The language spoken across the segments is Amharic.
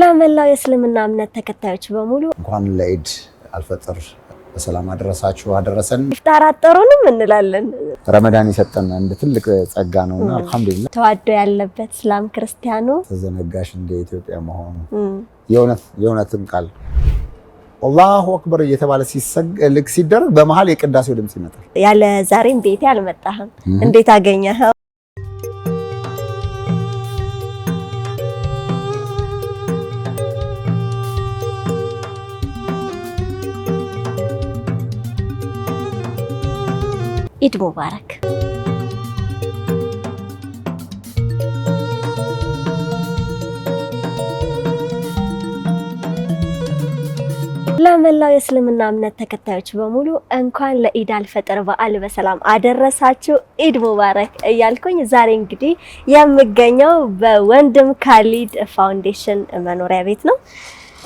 ለመላው የእስልምና እምነት ተከታዮች በሙሉ እንኳን ለኢድ አልፈጥር በሰላም አደረሳችሁ አደረሰን። ኢፍጣር አጠሩንም እንላለን። ረመዳን የሰጠን እንደ ትልቅ ጸጋ ነውና አልሐምዱሊላህ። ተዋዶ ያለበት እስላም ክርስቲያኑ ተዘነጋሽ እንደ ኢትዮጵያ መሆኑ የእውነትም ቃል አላሁ አክበር እየተባለ ሲደረግ በመሀል የቅዳሴው ድምፅ ይመጣል። ያለ ዛሬም ቤቴ አልመጣህም እንዴት አገኘኸው? ኢድ ሙባረክ። ለመላው የእስልምና እምነት ተከታዮች በሙሉ እንኳን ለኢድ አልፈጥር በዓል በሰላም አደረሳችሁ። ኢድ ሙባረክ እያልኩኝ ዛሬ እንግዲህ የምገኘው በወንድም ካሊድ ፋውንዴሽን መኖሪያ ቤት ነው።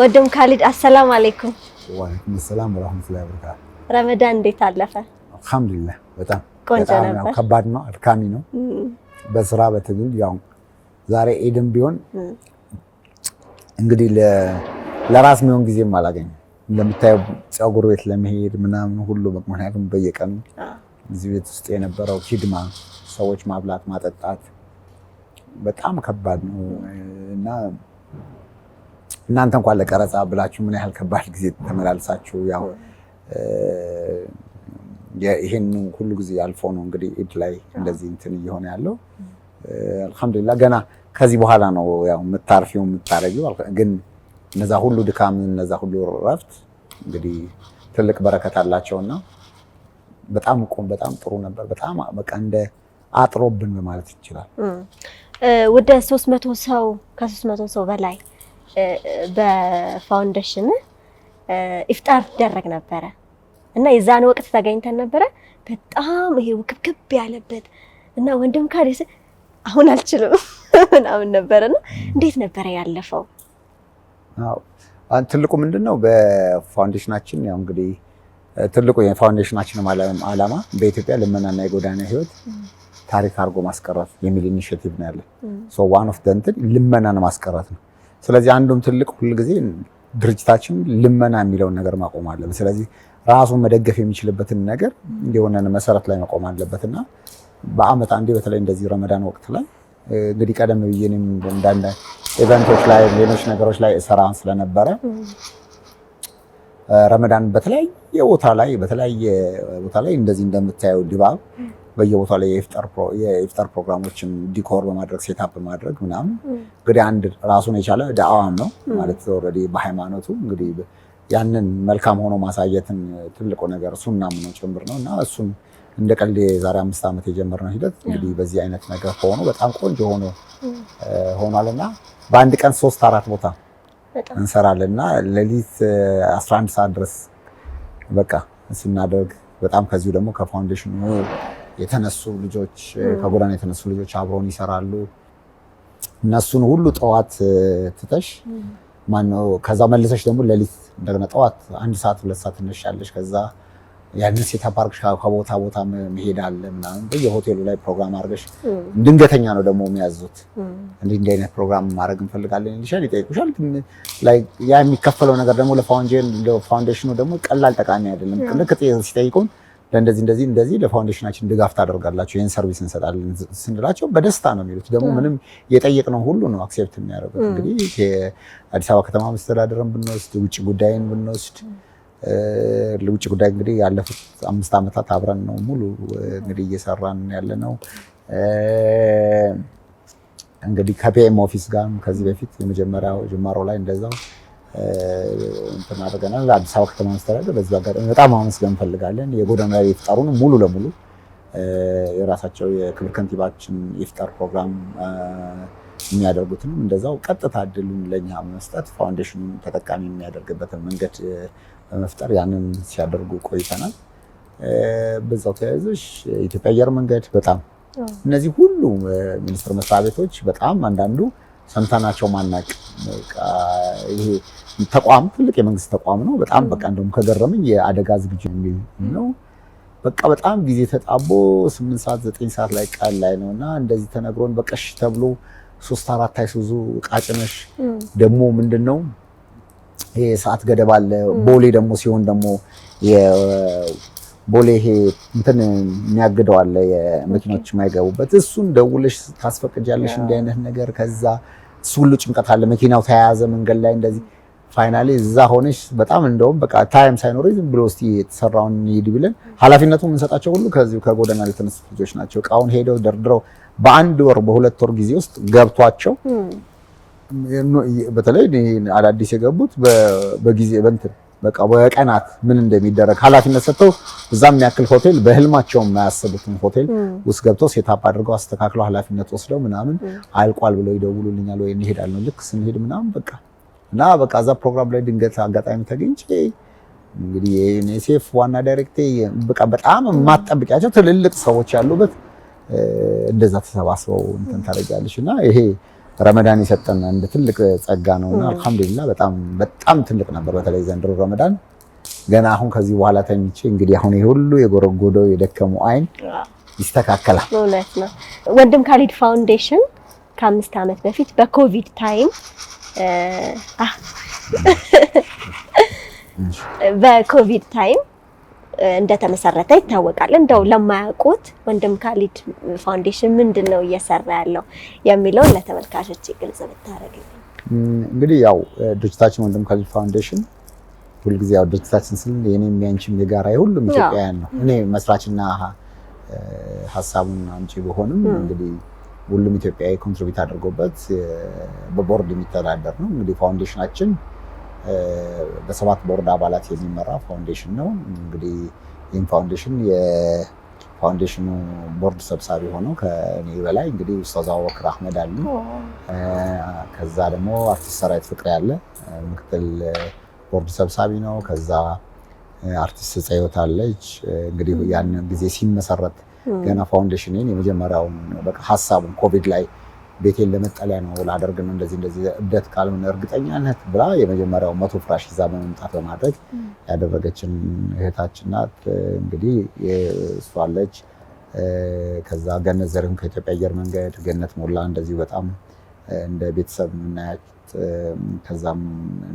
ወንድም ካሊድ አሰላም አለይኩም። ወአለይኩም ሰላም ወራህመቱላሂ ወበረካቱ። ረመዳን እንዴት አለፈ? አልሐምዱሊላህ በጣም ከባድ ነው፣ አድካሚ ነው። በስራ በትግል ያው ዛሬ ኤድም ቢሆን እንግዲህ ለራስ የሚሆን ጊዜም አላገኘም። እንደምታየው ፀጉር ቤት ለመሄድ ምናምን ሁሉ ምክንያቱም በየቀኑ እዚህ ቤት ውስጥ የነበረው ሂድማ ሰዎች ማብላት ማጠጣት በጣም ከባድ ነው እና እናንተ እንኳን ለቀረጻ ብላችሁ ምን ያህል ከባድ ጊዜ ተመላልሳችሁ ያው ይሄን ሁሉ ጊዜ ያልፎ ነው እንግዲህ ኢድ ላይ እንደዚህ እንትን እየሆነ ያለው። አልሐምዱሊላ ገና ከዚህ በኋላ ነው ያው የምታርፊው የምታረጊው። ግን እነዛ ሁሉ ድካም እነዛ ሁሉ ረፍት እንግዲህ ትልቅ በረከት አላቸውና በጣም ቁም በጣም ጥሩ ነበር። በጣም በቃ እንደ አጥሮብን በማለት ይችላል። ወደ 300 ሰው ከ300 ሰው በላይ በፋውንዴሽን ኢፍጣር ይደረግ ነበረ። እና የዛን ወቅት ተገኝተን ነበረ። በጣም ይሄ ውክብክብ ያለበት እና ወንድም ካደስ አሁን አልችልም ምናምን ነበረና እንዴት ነበረ ያለፈው? ትልቁ ምንድን ነው በፋውንዴሽናችን ያው እንግዲህ ትልቁ የፋውንዴሽናችን አላማ በኢትዮጵያ ልመናና የጎዳና ህይወት ታሪክ አድርጎ ማስቀረት የሚል ኢኒሽቲቭ ነው ያለን። ሶ ዋን ኦፍ ደንትን ልመናን ማስቀረት ነው። ስለዚህ አንዱም ትልቅ ሁልጊዜ ድርጅታችን ልመና የሚለውን ነገር ማቆም አለብን። ስለዚህ ራሱን መደገፍ የሚችልበትን ነገር የሆነን መሰረት ላይ መቆም አለበት እና በአመት አንዴ በተለይ እንደዚህ ረመዳን ወቅት ላይ እንግዲህ ቀደም ብዬ እንዳንደ ኢቨንቶች ላይ ሌሎች ነገሮች ላይ እሰራ ስለነበረ ረመዳን በተለያየ ቦታ ላይ በተለያየ ቦታ ላይ እንደዚህ እንደምታየው ድባብ በየቦታ ላይ የኢፍጠር ፕሮግራሞችን ዲኮር በማድረግ ሴታፕ በማድረግ ምናምን እንግዲህ አንድ ራሱን የቻለ ዳዕዋም ነው ማለት ኦልሬዲ በሃይማኖቱ እንግዲህ ያንን መልካም ሆኖ ማሳየትን ትልቁ ነገር እሱ እናምነው ጭምር ነው እና እሱም እንደ ቀልድ የዛሬ አምስት ዓመት የጀመርነው ሂደት እንግዲህ በዚህ አይነት ነገር ከሆኑ በጣም ቆንጆ ሆኖ ሆኗል እና በአንድ ቀን ሶስት አራት ቦታ እንሰራለን እና ሌሊት 11 ሰዓት ድረስ በቃ ስናደርግ በጣም ከዚሁ ደግሞ ከፋውንዴሽኑ የተነሱ ልጆች ከጎዳና የተነሱ ልጆች አብሮን ይሰራሉ። እነሱን ሁሉ ጠዋት ትተሽ ማነው ከዛ መልሰሽ ደግሞ ሌሊት እንደገና ጠዋት አንድ ሰዓት ሁለት ሰዓት እንሻለሽ። ከዛ ያንን ሴታ ፓርክ ከቦታ ቦታ መሄድ አለ ምናምን በየሆቴሉ ላይ ፕሮግራም አድርገሽ ድንገተኛ ነው ደግሞ የሚያዙት። እንዲህ እንዲህ አይነት ፕሮግራም ማድረግ እንፈልጋለን ይልሻል፣ ይጠይቁሻል። ያ የሚከፈለው ነገር ደግሞ ለፋውንዴሽኑ ደግሞ ቀላል ጠቃሚ አይደለም። ልክ ሲጠይቁን ለእንደዚህ እንደዚህ እንደዚህ ለፋውንዴሽናችን ድጋፍ ታደርጋላችሁ ይህን ሰርቪስ እንሰጣለን ስንላቸው በደስታ ነው የሚሉት። ደግሞ ምንም የጠየቅነው ሁሉ ነው አክሴፕት የሚያደርጉት። እንግዲህ የአዲስ አበባ ከተማ መስተዳደርን ብንወስድ፣ ውጭ ጉዳይን ብንወስድ ለውጭ ጉዳይ እንግዲህ ያለፉት አምስት ዓመታት አብረን ነው ሙሉ እንግዲህ እየሰራን ያለ ነው። እንግዲህ ከፒኤም ኦፊስ ጋርም ከዚህ በፊት የመጀመሪያው ጅማሮ ላይ እንደዛው እንትን አድርገናል። አዲስ አበባ ከተማ መስተዳደር በዚህ አጋጣሚ በጣም አመስገን እንፈልጋለን። የጎዳና ላይ የፍጠሩን ሙሉ ለሙሉ የራሳቸው የክብር ከንቲባችን የፍጠር ፕሮግራም የሚያደርጉትንም እንደዛው ቀጥታ እድሉን ለኛ መስጠት ፋውንዴሽኑን ተጠቃሚ የሚያደርግበትን መንገድ በመፍጠር ያንን ሲያደርጉ ቆይተናል። በዛው ተያይዞች የኢትዮጵያ አየር መንገድ በጣም እነዚህ ሁሉ ሚኒስቴር መስሪያ ቤቶች በጣም አንዳንዱ ሰምተናቸው ማናቅ ይሄ ተቋም ትልቅ የመንግስት ተቋም ነው። በጣም በቃ እንደውም ከገረመኝ የአደጋ ዝግጅ የሚል ነው። በቃ በጣም ጊዜ ተጣቦ ስምንት ሰዓት ዘጠኝ ሰዓት ላይ ቀን ላይ ነው እና እንደዚህ ተነግሮን በቀሽ ተብሎ ሶስት አራት አይሱዙ ቃጭነሽ ደግሞ ምንድን ነው የሰዓት ገደብ አለ። ቦሌ ደግሞ ሲሆን ደግሞ ቦሌ ይሄ እንትን የሚያግደው አለ የመኪኖች የማይገቡበት እሱን ደውለሽ ታስፈቅጃለሽ እንዲህ አይነት ነገር ከዛ እሱ ሁሉ ጭንቀት አለ መኪናው ተያያዘ መንገድ ላይ እንደዚህ ፋይናሊ እዛ ሆነሽ በጣም እንደውም በቃ ታይም ሳይኖር ዝም ብሎ እስኪ የተሰራውን ሂድ ብለን ሀላፊነቱ የምንሰጣቸው ሁሉ ከዚሁ ከጎዳና ለተነሱ ልጆች ናቸው። እቃውን ሄደው ደርድረው በአንድ ወር በሁለት ወር ጊዜ ውስጥ ገብቷቸው በተለይ አዳዲስ የገቡት በጊዜ በእንትን በቃ በቀናት ምን እንደሚደረግ ኃላፊነት ሰጥተው እዛም ያክል ሆቴል በህልማቸው የማያስቡትን ሆቴል ውስጥ ገብተው ሴታፕ አድርገው አስተካክለው ኃላፊነት ወስደው ምናምን አልቋል ብለው ይደውሉልኛል ወይ እንሄዳል ነው ልክ ስንሄድ ምናምን በቃ እና በቃ እዛ ፕሮግራም ላይ ድንገት አጋጣሚ ተገኝቼ እንግዲህ የዩኒሴፍ ዋና ዳይሬክቴ በቃ በጣም የማትጠብቂያቸው ትልልቅ ሰዎች ያሉበት እንደዛ ተሰባስበው እንትን ታደርጊያለሽ እና ይሄ ረመዳን የሰጠን እንደ ትልቅ ጸጋ ነውና አልሐምዱሊላ በጣም በጣም ትልቅ ነበር። በተለይ ዘንድሮ ረመዳን ገና አሁን ከዚህ በኋላ ተኝቼ እንግዲህ አሁን የሁሉ የጎረጎደው የደከሙ አይን ይስተካከላል። እውነት ነው። ወንድም ካሊድ ፋውንዴሽን ከአምስት ዓመት በፊት በኮቪድ ታይም በኮቪድ ታይም እንደተመሰረተ ይታወቃል። እንደው ለማያውቁት ወንድም ካሊድ ፋውንዴሽን ምንድን ነው እየሰራ ያለው የሚለውን ለተመልካቾች ግልጽ ብታደረግ። እንግዲህ ያው ድርጅታችን ወንድም ካሊድ ፋውንዴሽን ሁልጊዜ ያው ድርጅታችን ስል የኔም ያንቺም የጋራ የሁሉም ኢትዮጵያውያን ነው። እኔ መስራችና ሀሳቡን አምጪ በሆንም እንግዲህ ሁሉም ኢትዮጵያዊ ኮንትሪቢዩት አድርጎበት በቦርድ የሚተዳደር ነው። እንግዲህ ፋውንዴሽናችን በሰባት ቦርድ አባላት የሚመራ ፋውንዴሽን ነው። እንግዲህ ይህም ፋውንዴሽን የፋውንዴሽኑ ቦርድ ሰብሳቢ ሆነው ከእኔ በላይ እንግዲህ ኡስታዝ አቡበክር አህመድ አሉ። ከዛ ደግሞ አርቲስት ሰራዊት ፍቅሬ አለ፣ ምክትል ቦርድ ሰብሳቢ ነው። ከዛ አርቲስት ጸዮት አለች። እንግዲህ ያን ጊዜ ሲመሰረት ገና ፋውንዴሽንን የመጀመሪያውን በቃ ሀሳቡን ኮቪድ ላይ ቤቴን ለመጠለያ ነው ላደርግ ነው እንደዚህ እንደዚህ እብደት ካልሆነ እርግጠኛነት ብላ የመጀመሪያው መቶ ፍራሽ ይዛ በመምጣት በማድረግ ያደረገችን እህታችን ናት። እንግዲህ እሷለች። ከዛ ገነት ዘርም ከኢትዮጵያ አየር መንገድ ገነት ሞላ እንደዚሁ በጣም እንደ ቤተሰብ የምናያት። ከዛም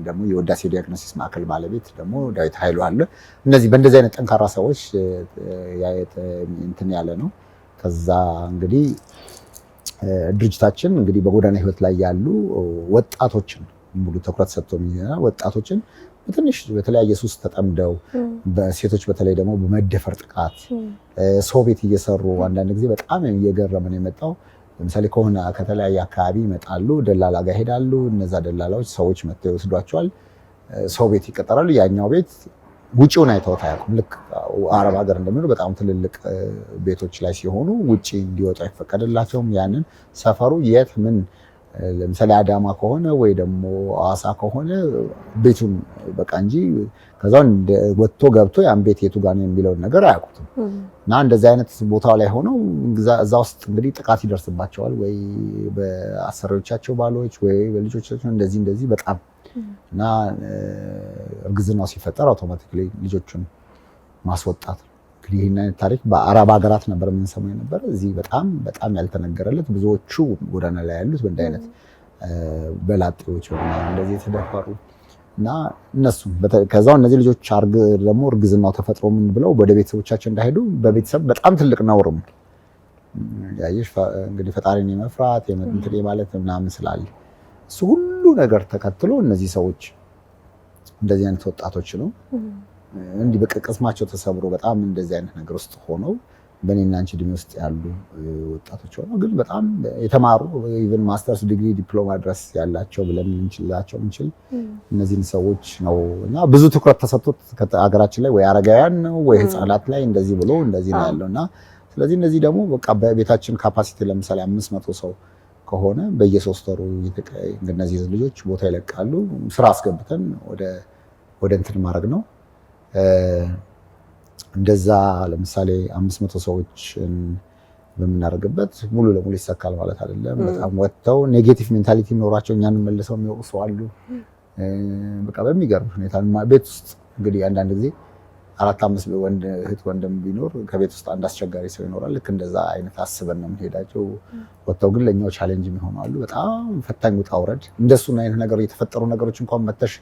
ደግሞ የወዳሴ ዲያግኖሲስ ማዕከል ባለቤት ደግሞ ዳዊት ኃይሉ አለ። እነዚህ በእንደዚህ አይነት ጠንካራ ሰዎች እንትን ያለ ነው። ከዛ እንግዲህ ድርጅታችን እንግዲህ በጎዳና ህይወት ላይ ያሉ ወጣቶችን ሙሉ ትኩረት ሰጥቶ የሚና ወጣቶችን በትንሽ በተለያየ ሱስ ተጠምደው በሴቶች በተለይ ደግሞ በመደፈር ጥቃት ሰው ቤት እየሰሩ አንዳንድ ጊዜ በጣም እየገረመን የመጣው ለምሳሌ ከሆነ ከተለያየ አካባቢ ይመጣሉ፣ ደላላ ጋር ይሄዳሉ። እነዛ ደላላዎች ሰዎች መጥተው ይወስዷቸዋል። ሰው ቤት ይቀጠራሉ። ያኛው ቤት ውጪውን አይተውት አያውቁም። ልክ አረብ ሀገር እንደምንለው በጣም ትልልቅ ቤቶች ላይ ሲሆኑ ውጪ እንዲወጡ አይፈቀድላቸውም። ያንን ሰፈሩ የት ምን ለምሳሌ አዳማ ከሆነ ወይ ደግሞ አዋሳ ከሆነ ቤቱን በቃ እንጂ ከዛ ወጥቶ ገብቶ ያን ቤት የቱ ጋር ነው የሚለውን ነገር አያውቁትም። እና እንደዚህ አይነት ቦታ ላይ ሆነው እዛ ውስጥ እንግዲህ ጥቃት ይደርስባቸዋል ወይ በአሰሪዎቻቸው ባሎች ወይ በልጆቻቸው እንደዚህ እንደዚህ በጣም እና እርግዝና ሲፈጠር አውቶማቲካሊ ልጆቹን ማስወጣት ነው። እንግዲህ ይህን አይነት ታሪክ በአረብ ሀገራት ነበር የምንሰማው ነበር። እዚህ በጣም በጣም ያልተነገረለት ብዙዎቹ ጎዳና ላይ ያሉት በእንዲህ አይነት በላጤዎች እንደዚህ የተደፈሩ እና እነሱ ከዛው እነዚህ ልጆች አርግ ደግሞ እርግዝናው ተፈጥሮ ምን ብለው ወደ ቤተሰቦቻቸው እንዳይሄዱ በቤተሰብ በጣም ትልቅ ነውርም ያየሽ እንግዲህ ፈጣሪን የመፍራት የመንትሌ ማለት ምናምን ስላለ ሁሉ ነገር ተከትሎ እነዚህ ሰዎች እንደዚህ አይነት ወጣቶች ነው እንዲህ በቃ ቅስማቸው ተሰብሮ በጣም እንደዚህ አይነት ነገር ውስጥ ሆነው በእኔና አንቺ እድሜ ውስጥ ያሉ ወጣቶች ሆነው ግን በጣም የተማሩ ኢቨን ማስተርስ ዲግሪ ዲፕሎማ ድረስ ያላቸው ብለን እንችላቸው እንችል እነዚህን ሰዎች ነው እና ብዙ ትኩረት ተሰጥቶት ሀገራችን ላይ ወይ አረጋውያን ነው ወይ ህፃናት ላይ እንደዚህ ብሎ እንደዚህ ነው ያለው እና ስለዚህ እነዚህ ደግሞ በቃ በቤታችን ካፓሲቲ ለምሳሌ አምስት መቶ ሰው ከሆነ በየሶስት ወሩ እነዚህ ልጆች ቦታ ይለቃሉ። ስራ አስገብተን ወደ እንትን ማድረግ ነው። እንደዛ ለምሳሌ አምስት መቶ ሰዎችን በምናደርግበት ሙሉ ለሙሉ ይሳካል ማለት አይደለም። በጣም ወጥተው ኔጌቲቭ ሜንታሊቲ የሚኖራቸው እኛን መልሰው የሚወቅሱ አሉ። በቃ በሚገርም ሁኔታ ቤት ውስጥ እንግዲህ አንዳንድ ጊዜ አራት አምስት ወንድ እህት ወንድም ቢኖር ከቤት ውስጥ አንድ አስቸጋሪ ሰው ይኖራል። ልክ እንደዛ አይነት አስበን ነው የምንሄዳቸው። ወጥተው ግን ለእኛው ቻሌንጅ ይሆናሉ። በጣም ፈታኝ ውጣ ውረድ። እንደሱን አይነት ነገር የተፈጠሩ ነገሮች እንኳን መተሽ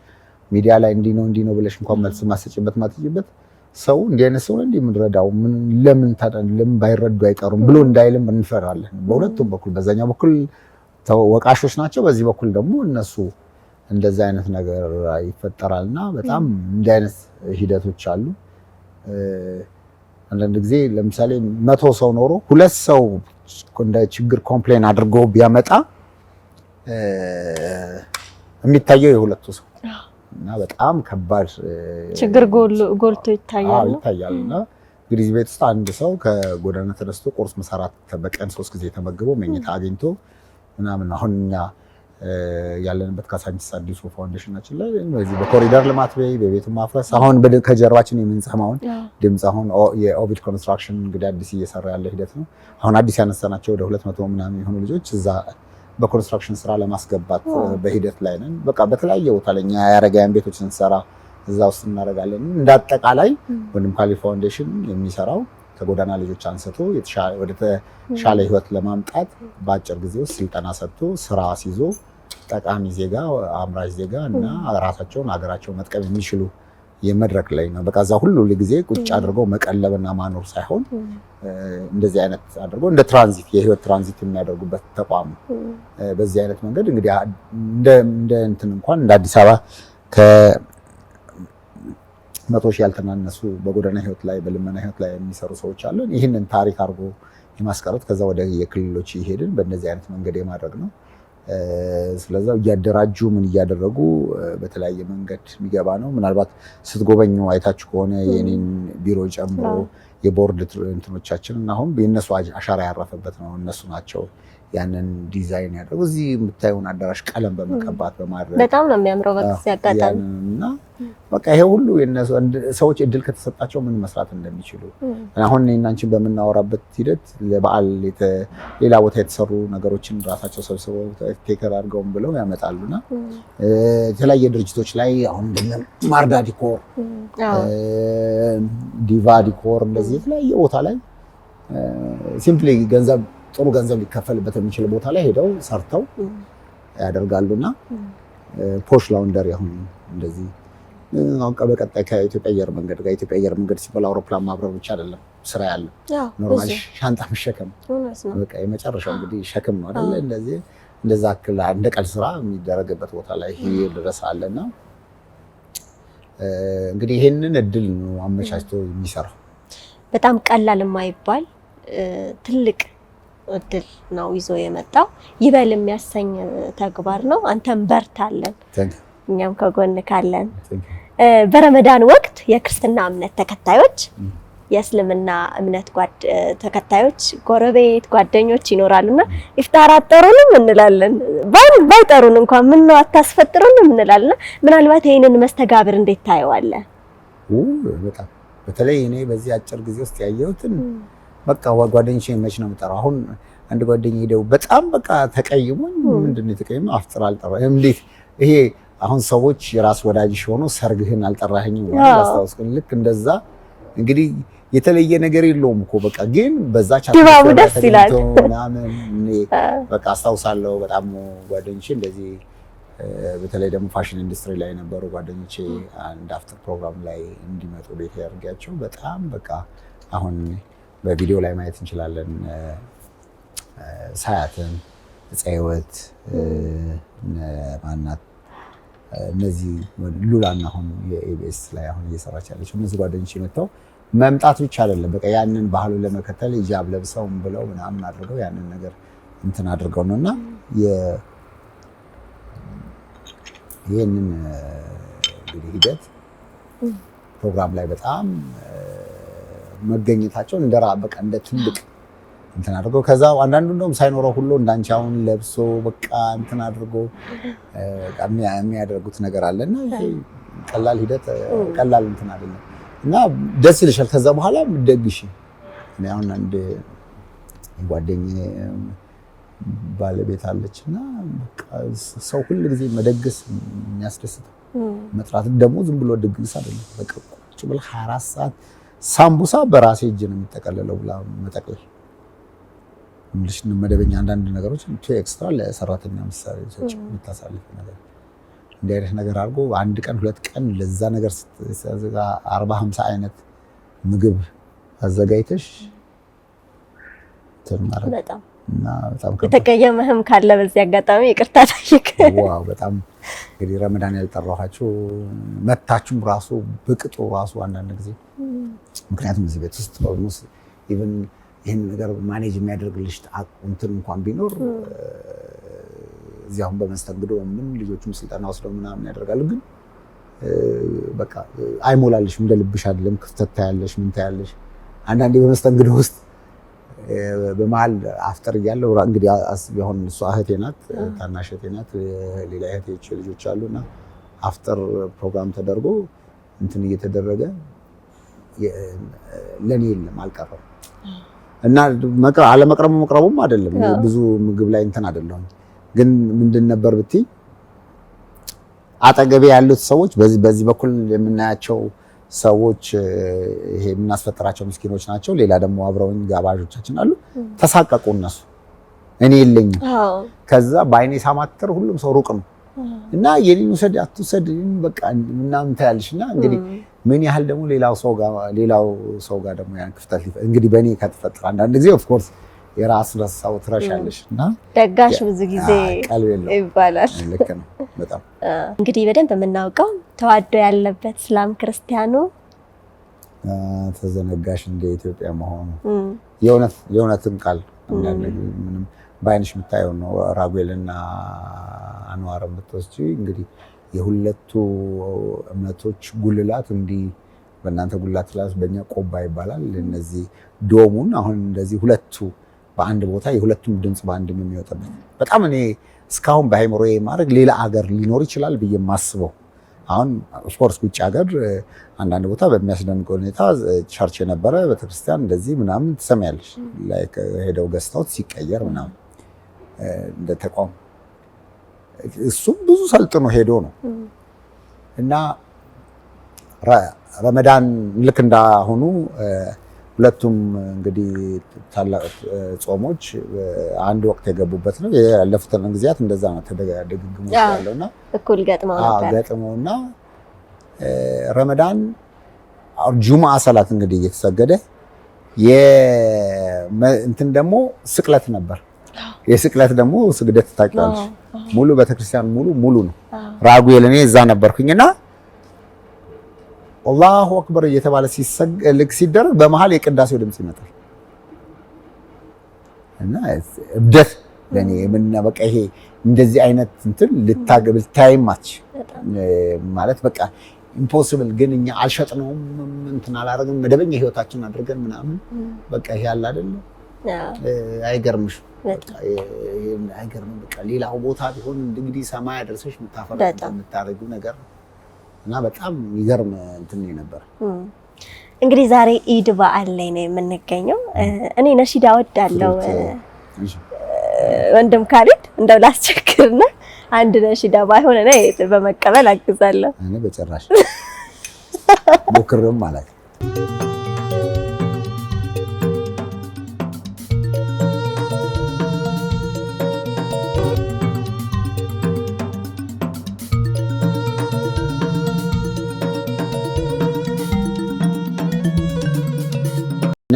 ሚዲያ ላይ እንዲህ ነው እንዲህ ነው ብለሽ እንኳን መልስ ማሰጭበት ማትጭበት ሰው እንዲህ አይነት ሰው እንዲህ የምንረዳው ለምን ለምን ባይረዱ አይቀሩም ብሎ እንዳይልም እንፈራለን። በሁለቱም በኩል በዛኛው በኩል ወቃሾች ናቸው፣ በዚህ በኩል ደግሞ እነሱ እንደዚህ አይነት ነገር ይፈጠራልና በጣም እንዲህ አይነት ሂደቶች አሉ። አንዳንድ ጊዜ ለምሳሌ መቶ ሰው ኖሮ ሁለት ሰው እንደ ችግር ኮምፕሌን አድርጎ ቢያመጣ የሚታየው የሁለቱ ሰው እና በጣም ከባድ ችግር ጎልቶ ይታያል ይታያል። እና እንግዲህ ቤት ውስጥ አንድ ሰው ከጎዳና ተነስቶ ቁርስ መሰራት በቀን ሶስት ጊዜ ተመግቦ መኝታ አግኝቶ ምናምን አሁን እኛ ያለንበት ካሳንቺስ አዲሱ ፋውንዴሽናችን ላይ በኮሪደር ልማት ላይ በቤቱ ማፍረስ አሁን ከጀርባችን የምንሰማውን ድምፅ አሁን የኦቢት ኮንስትራክሽን እንግዲህ አዲስ እየሰራ ያለ ሂደት ነው። አሁን አዲስ ያነሳናቸው ወደ ሁለት መቶ ምናምን የሆኑ ልጆች እዛ በኮንስትራክሽን ስራ ለማስገባት በሂደት ላይ ነን። በቃ በተለያየ ቦታ ላይ እኛ የአረጋውያን ቤቶች ስንሰራ እዛ ውስጥ እናደርጋለን። እንደ አጠቃላይ ወንድም ካሊ ፋውንዴሽን የሚሰራው ከጎዳና ልጆች አንስቶ ወደ ተሻለ ህይወት ለማምጣት በአጭር ጊዜ ውስጥ ስልጠና ሰጥቶ ስራ ሲዞ ጠቃሚ ዜጋ፣ አምራች ዜጋ እና ራሳቸውን ሀገራቸውን መጥቀም የሚችሉ የመድረክ ላይ ነው። በቃ እዛ ሁሉ ጊዜ ቁጭ አድርገው መቀለብና ማኖር ሳይሆን እንደዚህ አይነት አድርገው እንደ ትራንዚት የህይወት ትራንዚት የሚያደርጉበት ተቋም በዚህ አይነት መንገድ እንግዲህ እንደ እንትን እንኳን እንደ አዲስ አበባ ከመቶ ሺህ ያልተናነሱ በጎዳና ህይወት ላይ በልመና ህይወት ላይ የሚሰሩ ሰዎች አለን። ይህንን ታሪክ አድርጎ የማስቀረት ከዛ ወደ የክልሎች ይሄድን በእነዚህ አይነት መንገድ የማድረግ ነው። ስለዛ እያደራጁ ምን እያደረጉ በተለያየ መንገድ የሚገባ ነው። ምናልባት ስትጎበኙ አይታችሁ ከሆነ የኔን ቢሮ ጨምሮ የቦርድ እንትኖቻችንን አሁን የእነሱ አሻራ ያረፈበት ነው። እነሱ ናቸው ያንን ዲዛይን ያደረጉ እዚህ የምታየውን አዳራሽ ቀለም በመቀባት በማድረግ በጣም ነው የሚያምረው። እና በቃ ይሄ ሁሉ ሰዎች እድል ከተሰጣቸው ምን መስራት እንደሚችሉ አሁን እናንችን በምናወራበት ሂደት ለበዓል ሌላ ቦታ የተሰሩ ነገሮችን ራሳቸው ሰብስበው ቴከር አድርገውም ብለው ያመጣሉና የተለያየ ድርጅቶች ላይ አሁን ማርዳ ዲኮር፣ ዲቫ ዲኮር እንደዚህ የተለያየ ቦታ ላይ ሲምፕሊ ገንዘብ ጥሩ ገንዘብ ሊከፈልበት የሚችል ቦታ ላይ ሄደው ሰርተው ያደርጋሉና ፖሽ ላውንደር አሁን እንደዚህ አሁን በቀጣይ ከኢትዮጵያ አየር መንገድ ጋር ኢትዮጵያ አየር መንገድ ሲባል አውሮፕላን ማብረር ብቻ አይደለም ስራ ያለ ኖርማል ሻንጣ መሸከም በቃ የመጨረሻው እንግዲህ ሸክም ነው አይደለ እንደዚህ እንደዛ ክል እንደ ቀል ስራ የሚደረግበት ቦታ ላይ ይሄ ድረስ እንግዲህ ይሄንን እድል ነው አመቻችቶ የሚሰራው በጣም ቀላል የማይባል ትልቅ እድል ነው ይዞ የመጣው። ይበል የሚያሰኝ ተግባር ነው። አንተም በርታለን፣ እኛም ከጎን ካለን። በረመዳን ወቅት የክርስትና እምነት ተከታዮች የእስልምና እምነት ተከታዮች ጎረቤት፣ ጓደኞች ይኖራሉና ኢፍጣር አጠሩንም እንላለን። ባይጠሩን እንኳን ምን ነው አታስፈጥሩንም ምናልባት ይህንን መስተጋብር እንዴት ታየዋለህ? በጣም በተለይ እኔ በዚህ አጭር ጊዜ ውስጥ ያየሁትን በቃ ጓደኞቼ መች ነው የምጠራው? አሁን አንድ ጓደኛዬ ሄደው በጣም በቃ ተቀይሞኝ፣ ምንድን ነው የተቀየመው? አፍጥር አልጠራ እንዴት ይሄ አሁን ሰዎች የራስ ወዳጅሽ ሆኖ ሰርግህን አልጠራኸኝም አስታውስኩኝ። ልክ እንደዛ እንግዲህ የተለየ ነገር የለውም እኮ በቃ ግን በዛ ድባቡ ደስ ይላል ምናምን። በቃ አስታውሳለሁ በጣም ጓደኞቼ እንደዚህ በተለይ ደግሞ ፋሽን ኢንዱስትሪ ላይ የነበሩ ጓደኞቼ አንድ አፍተር ፕሮግራም ላይ እንዲመጡ ቤት ያደርጋቸው በጣም በቃ አሁን በቪዲዮ ላይ ማየት እንችላለን። ሳያትን እፀ ሕይወት ማናት እነዚህ ሉላና አሁን የኤቢኤስ ላይ አሁን እየሰራች ያለችው እነዚህ ጓደኞች መጥተው መምጣት ብቻ አይደለም፣ በቃ ያንን ባህሉን ለመከተል ሂጃብ ለብሰውም ብለው ምናምን አድርገው ያንን ነገር እንትን አድርገው ነው እና ይህንን እንግዲህ ሂደት ፕሮግራም ላይ በጣም መገኘታቸውን እንደ ራ በቃ እንደ ትልቅ እንትን አድርገው ከዛ አንዳንዱ እንደውም ሳይኖረው ሁሉ እንዳንቺ አሁን ለብሶ በቃ እንትን አድርጎ የሚያደርጉት ነገር አለ እና ቀላል ሂደት ቀላል እንትን አይደለም እና ደስ ይልሻል። ከዛ በኋላ ደግሽ አሁን አንድ ጓደኛዬ ባለቤት አለች እና ሰው ሁል ጊዜ መደግስ የሚያስደስተው መጥራት ደግሞ ዝም ብሎ ድግስ አይደለም። በቃ ቁጭ ብለህ 24 ሰዓት ሳምቡሳ በራሴ እጅ ነው የሚጠቀለለው ብላ መጠቅለል ምልሽ መደበኛ አንዳንድ ነገሮች ኤክስትራ ለሰራተኛ ምሳሌ ሰጭ የምታሳልፍ ነገር እንዲህ አይነት ነገር አድርጎ አንድ ቀን ሁለት ቀን ለዛ ነገር አርባ ሀምሳ አይነት ምግብ አዘጋጅተሽ የተቀየመህም ካለ በዚህ አጋጣሚ ይቅርታ ጠይቅ። ዋው በጣም እንግዲህ ረመዳን ያልጠራኋቸው መታችሁም ራሱ ብቅጡ ራሱ አንዳንድ ጊዜ ምክንያቱም እዚህ ቤት ውስጥ ኦልሞስት ኢቨን ይህን ነገር ማኔጅ የሚያደርግልሽ እንትን እንኳን ቢኖር እዚያሁን በመስተንግዶ ምን ልጆቹም ስልጠና ወስደው ምናምን ያደርጋሉ። ግን በቃ አይሞላልሽም፣ እንደ ልብሽ አይደለም። ክፍተት ታያለሽ፣ ምን ታያለሽ። አንዳንዴ በመስተንግዶ ውስጥ በመሀል አፍጠር እያለሁ እንግዲህ ቢሆን እሷ እህቴ ናት፣ ታናሽ እህቴ ናት፣ ሌላ እህቴች ልጆች አሉ እና አፍጠር ፕሮግራም ተደርጎ እንትን እየተደረገ ለእኔ የለም አልቀረም። እና አለመቅረቡ መቅረቡም አይደለም ብዙ ምግብ ላይ እንትን አይደለሁም። ግን ምንድን ነበር ብትይ አጠገቤ ያሉት ሰዎች በዚህ በዚህ በኩል የምናያቸው ሰዎች ይሄ የምናስፈጥራቸው ምስኪኖች ናቸው። ሌላ ደግሞ አብረውኝ ጋባዦቻችን አሉ። ተሳቀቁ እነሱ እኔ የለኝም። ከዛ በአይኔ ሳማትር ሁሉም ሰው ሩቅ ነው እና የኔን ውሰድ አትውሰድ በቃ ምናምን ትያለሽ እና እንግዲህ ምን ያህል ደግሞ ሌላው ሰው ጋር ደግሞ ያን ክፍተት ሊፈ እንግዲህ በእኔ ከተፈጠረ አንዳንድ ጊዜ ኦፍኮርስ የራስ ረሳው ትረሻለሽ እና ደጋሽ ብዙ ጊዜ ይባላል። ልክ ነው። በጣም እንግዲህ በደንብ የምናውቀው ተዋዶ ያለበት ስላም ክርስቲያኑ ተዘነጋሽ እንደ ኢትዮጵያ መሆኑ የእውነትን ቃል ምንም በአይንሽ የምታየው ነው። ራጉኤልና አንዋር ብትወስጂ እንግዲህ የሁለቱ እምነቶች ጉልላት እንዲህ በእናንተ ጉልላት ላስ በእኛ ቆባ ይባላል። እነዚህ ዶሙን አሁን እንደዚህ ሁለቱ በአንድ ቦታ የሁለቱም ድምፅ በአንድ የሚወጣበት በጣም እኔ እስካሁን በሃይምሮ ማድረግ ሌላ አገር ሊኖር ይችላል ብዬ ማስበው አሁን ኦፍኮርስ ውጭ ሀገር አንዳንድ ቦታ በሚያስደንቅ ሁኔታ ቸርች የነበረ ቤተክርስቲያን እንደዚህ ምናምን ትሰሚያለሽ ሄደው ገዝታውት ሲቀየር ምናምን እንደ ተቋም እሱም ብዙ ሰልጥኖ ሄዶ ነው እና ረመዳን ልክ እንዳሁኑ ሁለቱም እንግዲህ ታላቅ ጾሞች አንድ ወቅት የገቡበት ነው። ያለፉትን ጊዜያት እንደዛ ነው ድግግሞች ያለውና እኩል ገጥመውና ረመዳን ጁማ ሰላት እንግዲህ እየተሰገደ እንትን ደግሞ ስቅለት ነበር የስቅለት ደግሞ ስግደት ታውቂዋለሽ። ሙሉ ቤተክርስቲያን ሙሉ ሙሉ ነው። ራጉኤል እኔ እዛ ነበርኩኝና አላሁ አክበር እየተባለ ልክ ሲደረግ በመሀል የቅዳሴው ድምጽ ይመጣል እና እብደት ለእኔ የምና በቃ ይሄ እንደዚህ አይነት እንትን ልታይም ማች ማለት በቃ ኢምፖስብል ግን እኛ አልሸጥነውም እንትን አላደረግም መደበኛ ህይወታችን አድርገን ምናምን በቃ ይሄ አለ አይደለ አይገርምሽ? አይገርምም። በቃ ሌላው ቦታ ቢሆን እንግዲህ ሰማይ አደረሰሽ የምታፈር የምታደርጊው ነገር እና በጣም ይገርም እንትን ነበር። እንግዲህ ዛሬ ኢድ በዓል ላይ ነው የምንገኘው። እኔ ነሺዳ ወዳለው ወንድም ካሊድ እንደው ላስቸግርና አንድ ነሺዳ ባይሆን እኔ በመቀበል አግዛለሁ። እኔ በጭራሽ ሞክርም ማለት ነው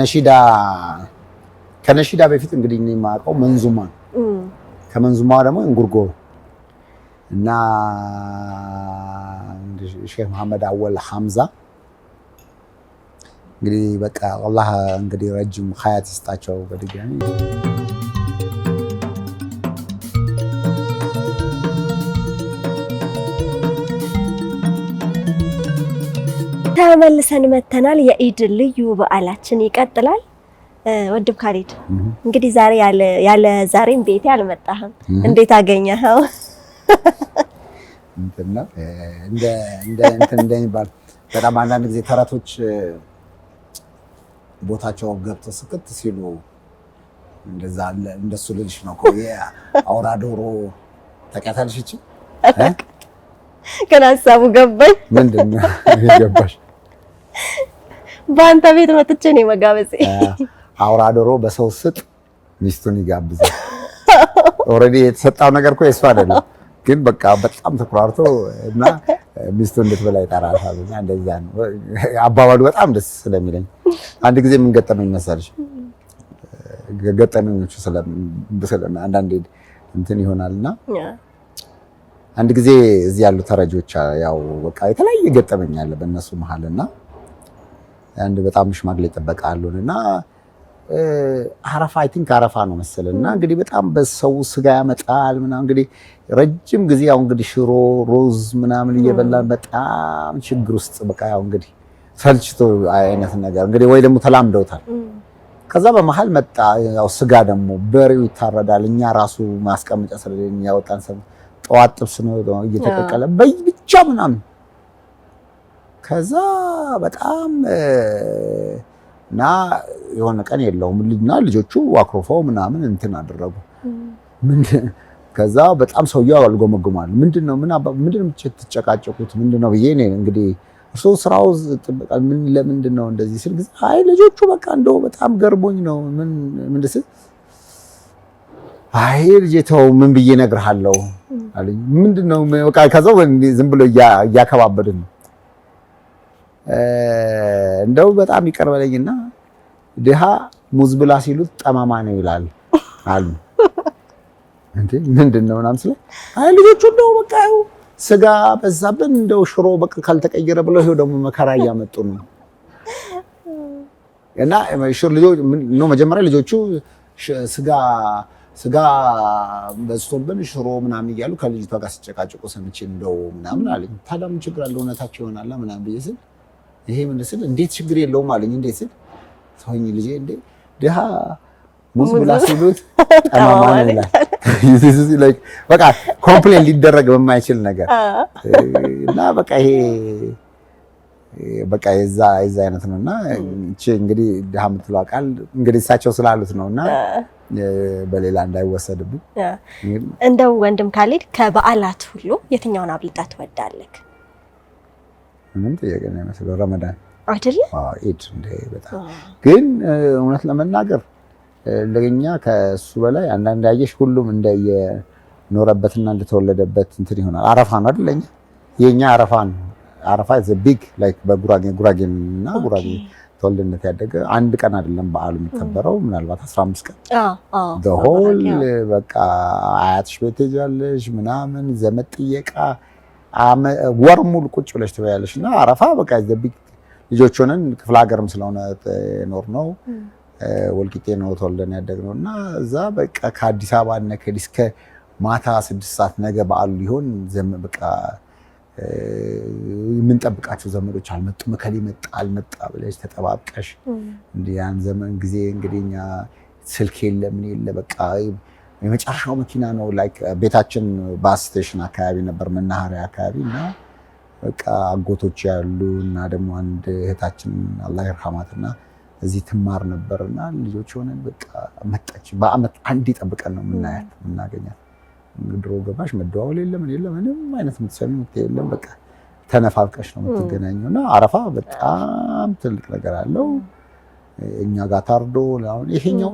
ነሺዳ ከነሺዳ በፊት እንግዲህ እኔ የማውቀው መንዙማ ከመንዙማ ደግሞ እንጉርጎ እና ሼህ መሐመድ አወል ሐምዛ እንግዲህ በቃ አላህ እንግዲህ ረጅም ሀያት ይስጣቸው በድጋሚ ተመልሰን መተናል። የኢድ ልዩ በዓላችን ይቀጥላል። ወንድም ካሌድ እንግዲህ ዛሬ ያለ ዛሬም ቤቴ አልመጣህም። እንዴት አገኘኸው? እንደሚባል በጣም አንዳንድ ጊዜ ተረቶች ቦታቸው ገብቶ ስቅት ሲሉ እንደዛ አለ። እንደሱ ልልሽ ነው እኮ ዶሮ ተቀታልሽ። እቺ ሀሳቡ ገባኝ። ምንድን ነው የገባሽ? በአንተ ቤት መጥቼ ነው መጋበዝ። አውራ ዶሮ በሰው ስጥ ሚስቱን ይጋብዛል። ኦልሬዲ የተሰጣው ነገር እኮ የእሱ አይደለም፣ ግን በቃ በጣም ተኩራርቶ እና ሚስቱን እንድትበላ ይጠራታል። እና እንደዛ ነው አባባሉ። በጣም ደስ ስለሚለኝ አንድ ጊዜ ምን ገጠመኝ መሰለሽ? ገጠመኞቹ ስለምን አንዳንዴ እንትን ይሆናልና አንድ ጊዜ እዚህ ያሉ ተረጆች ያው በቃ የተለያየ ገጠመኝ አለ በእነሱ መሀልና አንድ በጣም ሽማግሌ ጥበቃ አሉን እና አረፋ አይ ቲንክ አረፋ ነው መሰለኝ እና እንግዲህ በጣም በሰው ስጋ ያመጣል ምናምን እንግዲህ ረጅም ጊዜ ያው እንግዲህ ሽሮ ሮዝ ምናምን እየበላን በጣም ችግር ውስጥ በቃ ያው እንግዲህ ሰልችቶ አይነት ነገር እንግዲህ ወይ ደግሞ ተላምደውታል። ከዛ በመሀል መጣ ያው ስጋ ደግሞ በሬው ይታረዳል። እኛ ራሱ ማስቀመጫ ስለሌለ ያወጣን ሰው ጠዋት ጥብስ ነው እየተቀቀለ በይ ብቻ ምናምን ከዛ በጣም እና የሆነ ቀን የለውም እና ልጆቹ አክሮፈው ምናምን እንትን አደረጉ። ከዛ በጣም ሰውየው አልጎመጉማል። ምንድነው ምንድነው የምትጨቃጨቁት ምንድነው ብዬ እኔ እንግዲህ እርሶ ስራው ጥበቃል ምን ለምንድን ነው እንደዚህ ስል ጊዜ አይ ልጆቹ በቃ እንደው በጣም ገርሞኝ ነው ምን ምን ስል አይ ልጄ ተው ምን ብዬ እነግርሃለሁ አለኝ። ምንድነው በቃ ከዛው ዝም ብሎ እያከባበድን ነው እንደው በጣም ይቅር በለኝና ድሃ ሙዝ ብላ ሲሉት ጠማማ ነው ይላል አሉ። እንዴ ምንድን ነው ምናምን ስለ አይ ልጆቹ እንደው በቃ ያው ስጋ በዛብን እንደው ሽሮ በቃ ካልተቀየረ ብለው ይሄው ደግሞ መከራ እያመጡ ነው። እና ልጆቹ ነው መጀመሪያ ልጆቹ ስጋ ስጋ በዝቶብን ሽሮ ምናምን እያሉ ከልጅቷ ጋር ሲጨቃጨቁ ሰምቼ እንደው ምናምን አለኝ። ታዲያ ምን ችግር አለ እውነታቸው ይሆናል ምናምን ብዬ ስል ይሄ ምን ስል እንዴት ችግር የለውም አለኝ። እንዴት ስል ሰውኝ ልጄ እንዴ ድሃ ሙዝ ብላ ሲሉት ጠማማ ነው ይላል። በቃ ኮምፕሌን ሊደረግ በማይችል ነገር እና በቃ ይሄ በቃ የዛ የዛ አይነት ነው እና እቺ እንግዲህ ድሃ የምትለዋ ቃል እንግዲህ እሳቸው ስላሉት ነው እና በሌላ እንዳይወሰድብኝ። እንደው ወንድም ካሌድ ከበዓላት ሁሉ የትኛውን አብልጣ ትወዳለህ? ምን ጥያቄ ነው የሚመስለው ረመዳን አይደለ? ኢድ እንደ በጣም ግን እውነት ለመናገር ለኛ ከእሱ በላይ አንዳንድ ያየሽ ሁሉም እንደየኖረበትና እንደተወለደበት እንትን ይሆናል። አረፋ ነው አይደለ? እኛ የኛ አረፋ ነው። አረፋ ዘ ቢግ ላይክ በጉራጌ ጉራጌና ጉራጌ ተወልደነት ያደገ አንድ ቀን አይደለም በዓሉ የሚከበረው፣ ምናልባት 15 ቀን ዘሆል በቃ አያትሽ ቤት ትሄጃለሽ ምናምን ዘመድ ጥየቃ ወር ሙሉ ቁጭ ብለሽ ትበያለሽ። እና አረፋ በቃ ዘቢ ልጆች ሆነን ክፍለ ሀገርም ስለሆነ ኖር ነው ወልቂጤ ነው ተወልደን ያደግነው እና እዛ በቃ ከአዲስ አበባ ነከድ እስከ ማታ ስድስት ሰዓት ነገ በዓሉ ሊሆን በቃ የምንጠብቃቸው ዘመዶች አልመጡ እከሌ መጣ አልመጣ ብለሽ ተጠባብቀሽ ያን ዘመን ጊዜ እንግዲህ እኛ ስልክ የለ ምን የለ በቃ የመጨረሻው መኪና ነው። ላይክ uh, ቤታችን ባስ ስቴሽን አካባቢ ነበር፣ መናኸሪያ አካባቢ እና በቃ አጎቶች ያሉ እና ደግሞ አንድ እህታችን አላህ ይርሐማትና እዚህ ትማር ነበር እና ልጆች ሆነን በቃ መጣች። በአመት አንድ ይጠብቀን ነው የምናያት የምናገኛት። ድሮ ገባሽ መደዋወል የለ ምን የለ ምንም አይነት የምትሰሚ የለም። በቃ ተነፋፍቀሽ ነው የምትገናኘው። እና አረፋ በጣም ትልቅ ነገር አለው እኛ ጋር ታርዶ። ይሄኛው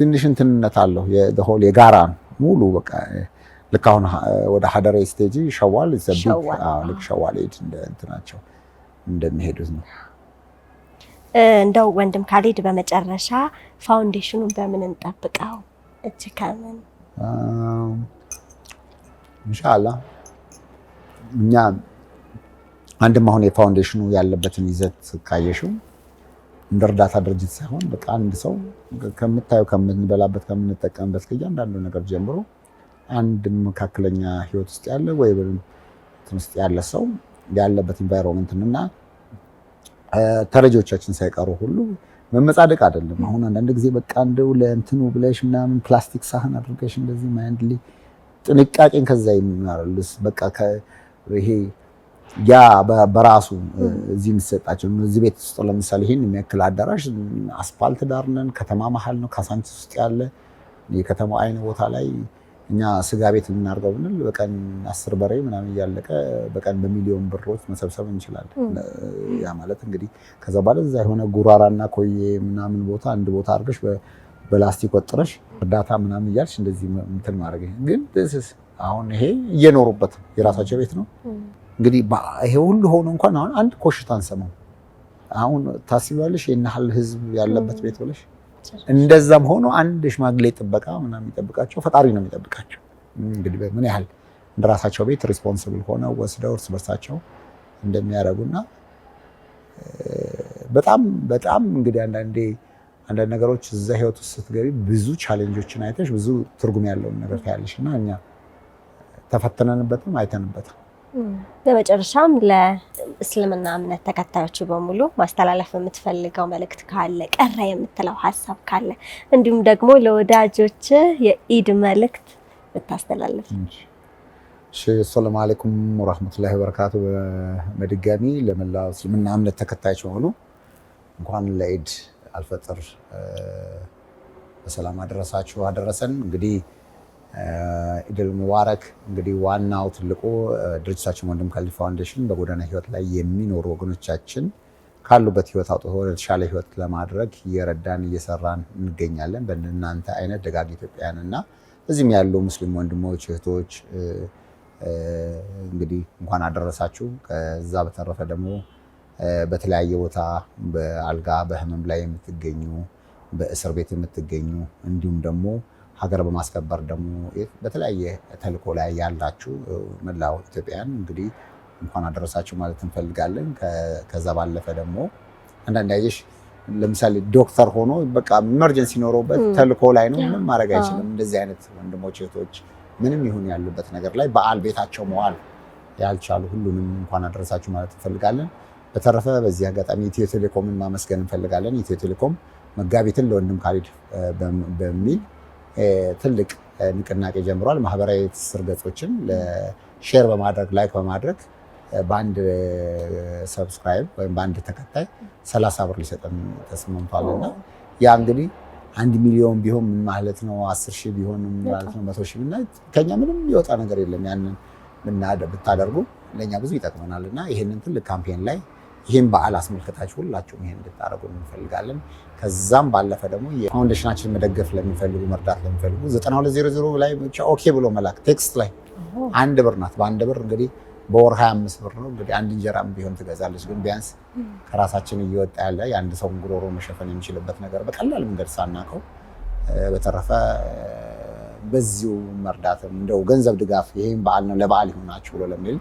ትንሽ እንትንነት አለው። የሆል የጋራ ነው ሙሉ በቃ ልክ አሁን ወደ ሀደሬ ስቴጂ ሸዋል ልክ ሸዋል ሄድ እንትናቸው እንደሚሄዱት ነው። እንደው ወንድም ካሌድ በመጨረሻ ፋውንዴሽኑን በምን እንጠብቀው? እች ከምን እንሻላ እኛ አንድም አሁን የፋውንዴሽኑ ያለበትን ይዘት ካየሽው እንደ እርዳታ ድርጅት ሳይሆን በቃ አንድ ሰው ከምታየው ከምንበላበት ከምንጠቀምበት ከእያንዳንዱ ነገር ጀምሮ አንድ መካከለኛ ህይወት ውስጥ ያለ ወይ ውስጥ ያለ ሰው ያለበት እና ተረጂዎቻችን ሳይቀሩ ሁሉ መመጻደቅ አይደለም። አሁን አንዳንድ ጊዜ በቃ እንደው ለእንትኑ ብለሽ ምናምን ፕላስቲክ ሳህን አድርገሽ እንደዚህ ማይንድሊ ጥንቃቄን ከዛ ይማራልስ በቃ ይሄ ያ በራሱ እዚህ የሚሰጣቸው እዚህ ቤት ውስጥ ለምሳሌ ይህን የሚያክል አዳራሽ አስፓልት ዳር ነን፣ ከተማ መሀል ነው። ካሳንቺስ ውስጥ ያለ የከተማው አይነ ቦታ ላይ እኛ ስጋ ቤት ልናርገው ብንል በቀን አስር በሬ ምናምን እያለቀ በቀን በሚሊዮን ብሮች መሰብሰብ እንችላለን። ያ ማለት እንግዲህ ከዛ ባለ እዛ የሆነ ጉራራና ኮዬ ምናምን ቦታ አንድ ቦታ አድርገሽ በላስቲክ ወጥረሽ እርዳታ ምናምን እያልሽ እንደዚህ እንትን ማድረግ ግን አሁን ይሄ እየኖሩበት የራሳቸው ቤት ነው እንግዲህ ይሄ ሁሉ ሆኖ እንኳን አሁን አንድ ኮሽታ አንሰማም። አሁን ታስቢዋለሽ የናህል ህዝብ ያለበት ቤት ብለሽ። እንደዛም ሆኖ አንድ ሽማግሌ ጥበቃ ምናምን የሚጠብቃቸው ፈጣሪ ነው የሚጠብቃቸው። እንግዲህ ምን ያህል እንደራሳቸው ቤት ሪስፖንስብል ሆነው ወስደው እርስ በርሳቸው እንደሚያደርጉና በጣም በጣም እንግዲህ አንዳንዴ አንዳንድ ነገሮች እዛ ህይወት ውስጥ ስትገቢ ብዙ ቻሌንጆችን አይተሽ ብዙ ትርጉም ያለውን ነገር ታያለሽ እና እኛ ተፈትነንበትም አይተንበትም። በመጨረሻም ለእስልምና እምነት ተከታዮች በሙሉ ማስተላለፍ የምትፈልገው መልእክት ካለ፣ ቀረ የምትለው ሀሳብ ካለ፣ እንዲሁም ደግሞ ለወዳጆች የኢድ መልእክት ብታስተላለፍ። እሺ፣ ሰላም አለይኩም ወራህመቱላሂ ወበረካቱ። በመድጋሚ ለመላው እስልምና እምነት ተከታዮች በሙሉ እንኳን ለኢድ አልፈጥር በሰላም አደረሳችሁ አደረሰን። እንግዲህ ኢድል ሙባረክ እንግዲህ ዋናው ትልቁ ድርጅታችን ወንድም ከሊል ፋውንዴሽን በጎዳና ህይወት ላይ የሚኖሩ ወገኖቻችን ካሉበት ህይወት አውጥቶ ተሻለ ህይወት ለማድረግ እየረዳን እየሰራን እንገኛለን። በእናንተ አይነት ደጋግ ኢትዮጵያውያንና እዚህም ያሉ ሙስሊም ወንድሞች እህቶች እንግዲህ እንኳን አደረሳችሁ። ከዛ በተረፈ ደግሞ በተለያየ ቦታ በአልጋ በህመም ላይ የምትገኙ በእስር ቤት የምትገኙ እንዲሁም ደግሞ ሀገር በማስከበር ደግሞ በተለያየ ተልእኮ ላይ ያላችሁ መላው ኢትዮጵያን እንግዲህ እንኳን አደረሳችሁ ማለት እንፈልጋለን። ከዛ ባለፈ ደግሞ አንዳንድ ያየሽ ለምሳሌ ዶክተር ሆኖ በቃ ኢመርጀንሲ ኖሮበት ተልኮ ላይ ነው፣ ምንም ማድረግ አይችልም። እንደዚህ አይነት ወንድሞች እህቶች ምንም ይሁን ያሉበት ነገር ላይ በዓል ቤታቸው መዋል ያልቻሉ ሁሉንም እንኳን አደረሳችሁ ማለት እንፈልጋለን። በተረፈ በዚህ አጋጣሚ ኢትዮ ቴሌኮምን ማመስገን እንፈልጋለን። ኢትዮ ቴሌኮም መጋቢትን ለወንድም ካሊድ በሚል ትልቅ ንቅናቄ ጀምሯል። ማህበራዊ ትስስር ገጾችን ሼር በማድረግ ላይክ በማድረግ በአንድ ሰብስክራይብ ወይም በአንድ ተከታይ ሰላሳ ብር ሊሰጠን ተስማምቷል እና ያ እንግዲህ አንድ ሚሊዮን ቢሆን ምን ማለት ነው? አስር ሺህ ቢሆን ምን ማለት ነው? መቶ ሺህ ና ከኛ ምንም የወጣ ነገር የለም። ያንን ብታደርጉ ለእኛ ብዙ ይጠቅመናል እና ይህንን ትልቅ ካምፔን ላይ ይህም በዓል አስመልክታችሁ ሁላችሁም ይሄን እንድታደርጉ እንፈልጋለን። ከዛም ባለፈ ደግሞ የፋውንዴሽናችን መደገፍ ለሚፈልጉ መርዳት ለሚፈልጉ 9200 ላይ ብቻ ኦኬ ብሎ መላክ ቴክስት ላይ አንድ ብር ናት። በአንድ ብር እንግዲህ በወር 25 ብር ነው እንግዲህ አንድ እንጀራም ቢሆን ትገዛለች። ግን ቢያንስ ከራሳችን እየወጣ ያለ የአንድ ሰው ጉሮሮ መሸፈን የሚችልበት ነገር በቀላል መንገድ ሳናቀው በተረፈ በዚሁ መርዳትም እንደው ገንዘብ ድጋፍ ይህም በዓል ነው ለበዓል ይሆናችሁ ብሎ ለሚል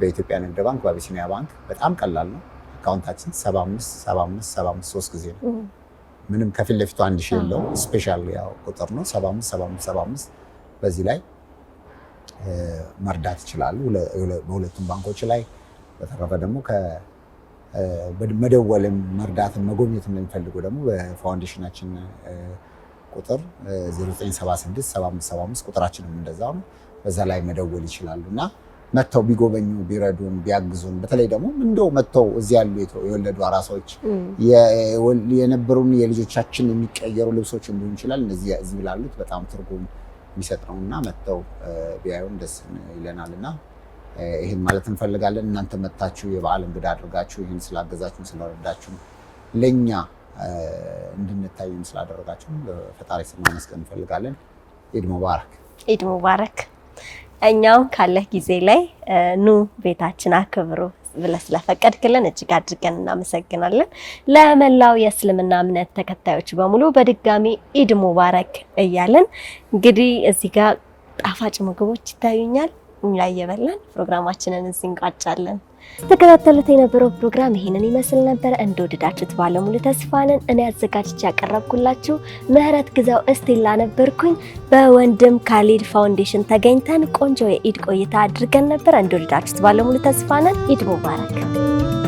በኢትዮጵያ ንግድ ባንክ በአቢሲኒያ ባንክ በጣም ቀላል ነው። አካውንታችን 7575 ጊዜ ነው። ምንም ከፊት ለፊቱ አንድ ሺህ የለው ስፔሻል ያው ቁጥር ነው 7575 በዚህ ላይ መርዳት ይችላሉ። በሁለቱም ባንኮች ላይ በተረፈ ደግሞ መደወልም መርዳትም መጎብኘት እንደሚፈልጉ ደግሞ በፋውንዴሽናችን ቁጥር 0976 7575 ቁጥራችንም እንደዛ ነው። በዛ ላይ መደወል ይችላሉ እና መጥተው ቢጎበኙ ቢረዱን ቢያግዙን በተለይ ደግሞ እንደው መጥተው እዚህ ያሉ የወለዱ አራሶች የነበሩን የልጆቻችን የሚቀየሩ ልብሶች ሊሆን ይችላል እነዚህ እዚህ ላሉት በጣም ትርጉም የሚሰጥ ነው እና መጥተው ቢያዩን ደስ ይለናል እና ይህን ማለት እንፈልጋለን። እናንተ መጥታችሁ የበዓል እንግዳ አድርጋችሁ ይህን ስላገዛችሁ ስለረዳችሁ ለእኛ እንድንታዩን ስላደረጋችሁ ፈጣሪ ስም ማመስገን እንፈልጋለን። ኢድ ሙባረክ፣ ኢድ ሙባረክ። እኛው ካለህ ጊዜ ላይ ኑ ቤታችን አክብሩ ብለህ ስለፈቀድክልን እጅግ አድርገን እናመሰግናለን። ለመላው የእስልምና እምነት ተከታዮች በሙሉ በድጋሚ ኢድ ሙባረክ እያለን እንግዲህ እዚህ ጋር ጣፋጭ ምግቦች ይታዩኛል። እኛ እየበላን ፕሮግራማችንን እዚህ እንቋጫለን። ተከታተሉት የነበረው ፕሮግራም ይሄንን ይመስል ነበር። እንደወደዳችሁት ባለሙሉ ተስፋ ነን። እኔ አዘጋጅቼ ያቀረብኩላችሁ ምህረት ግዛው እስቴላ ነበርኩኝ። በወንድም ካሊድ ፋውንዴሽን ተገኝተን ቆንጆ የኢድ ቆይታ አድርገን ነበር። እንደወደዳችሁት ባለሙሉ ተስፋ ነን። ኢድ ሙባረክ።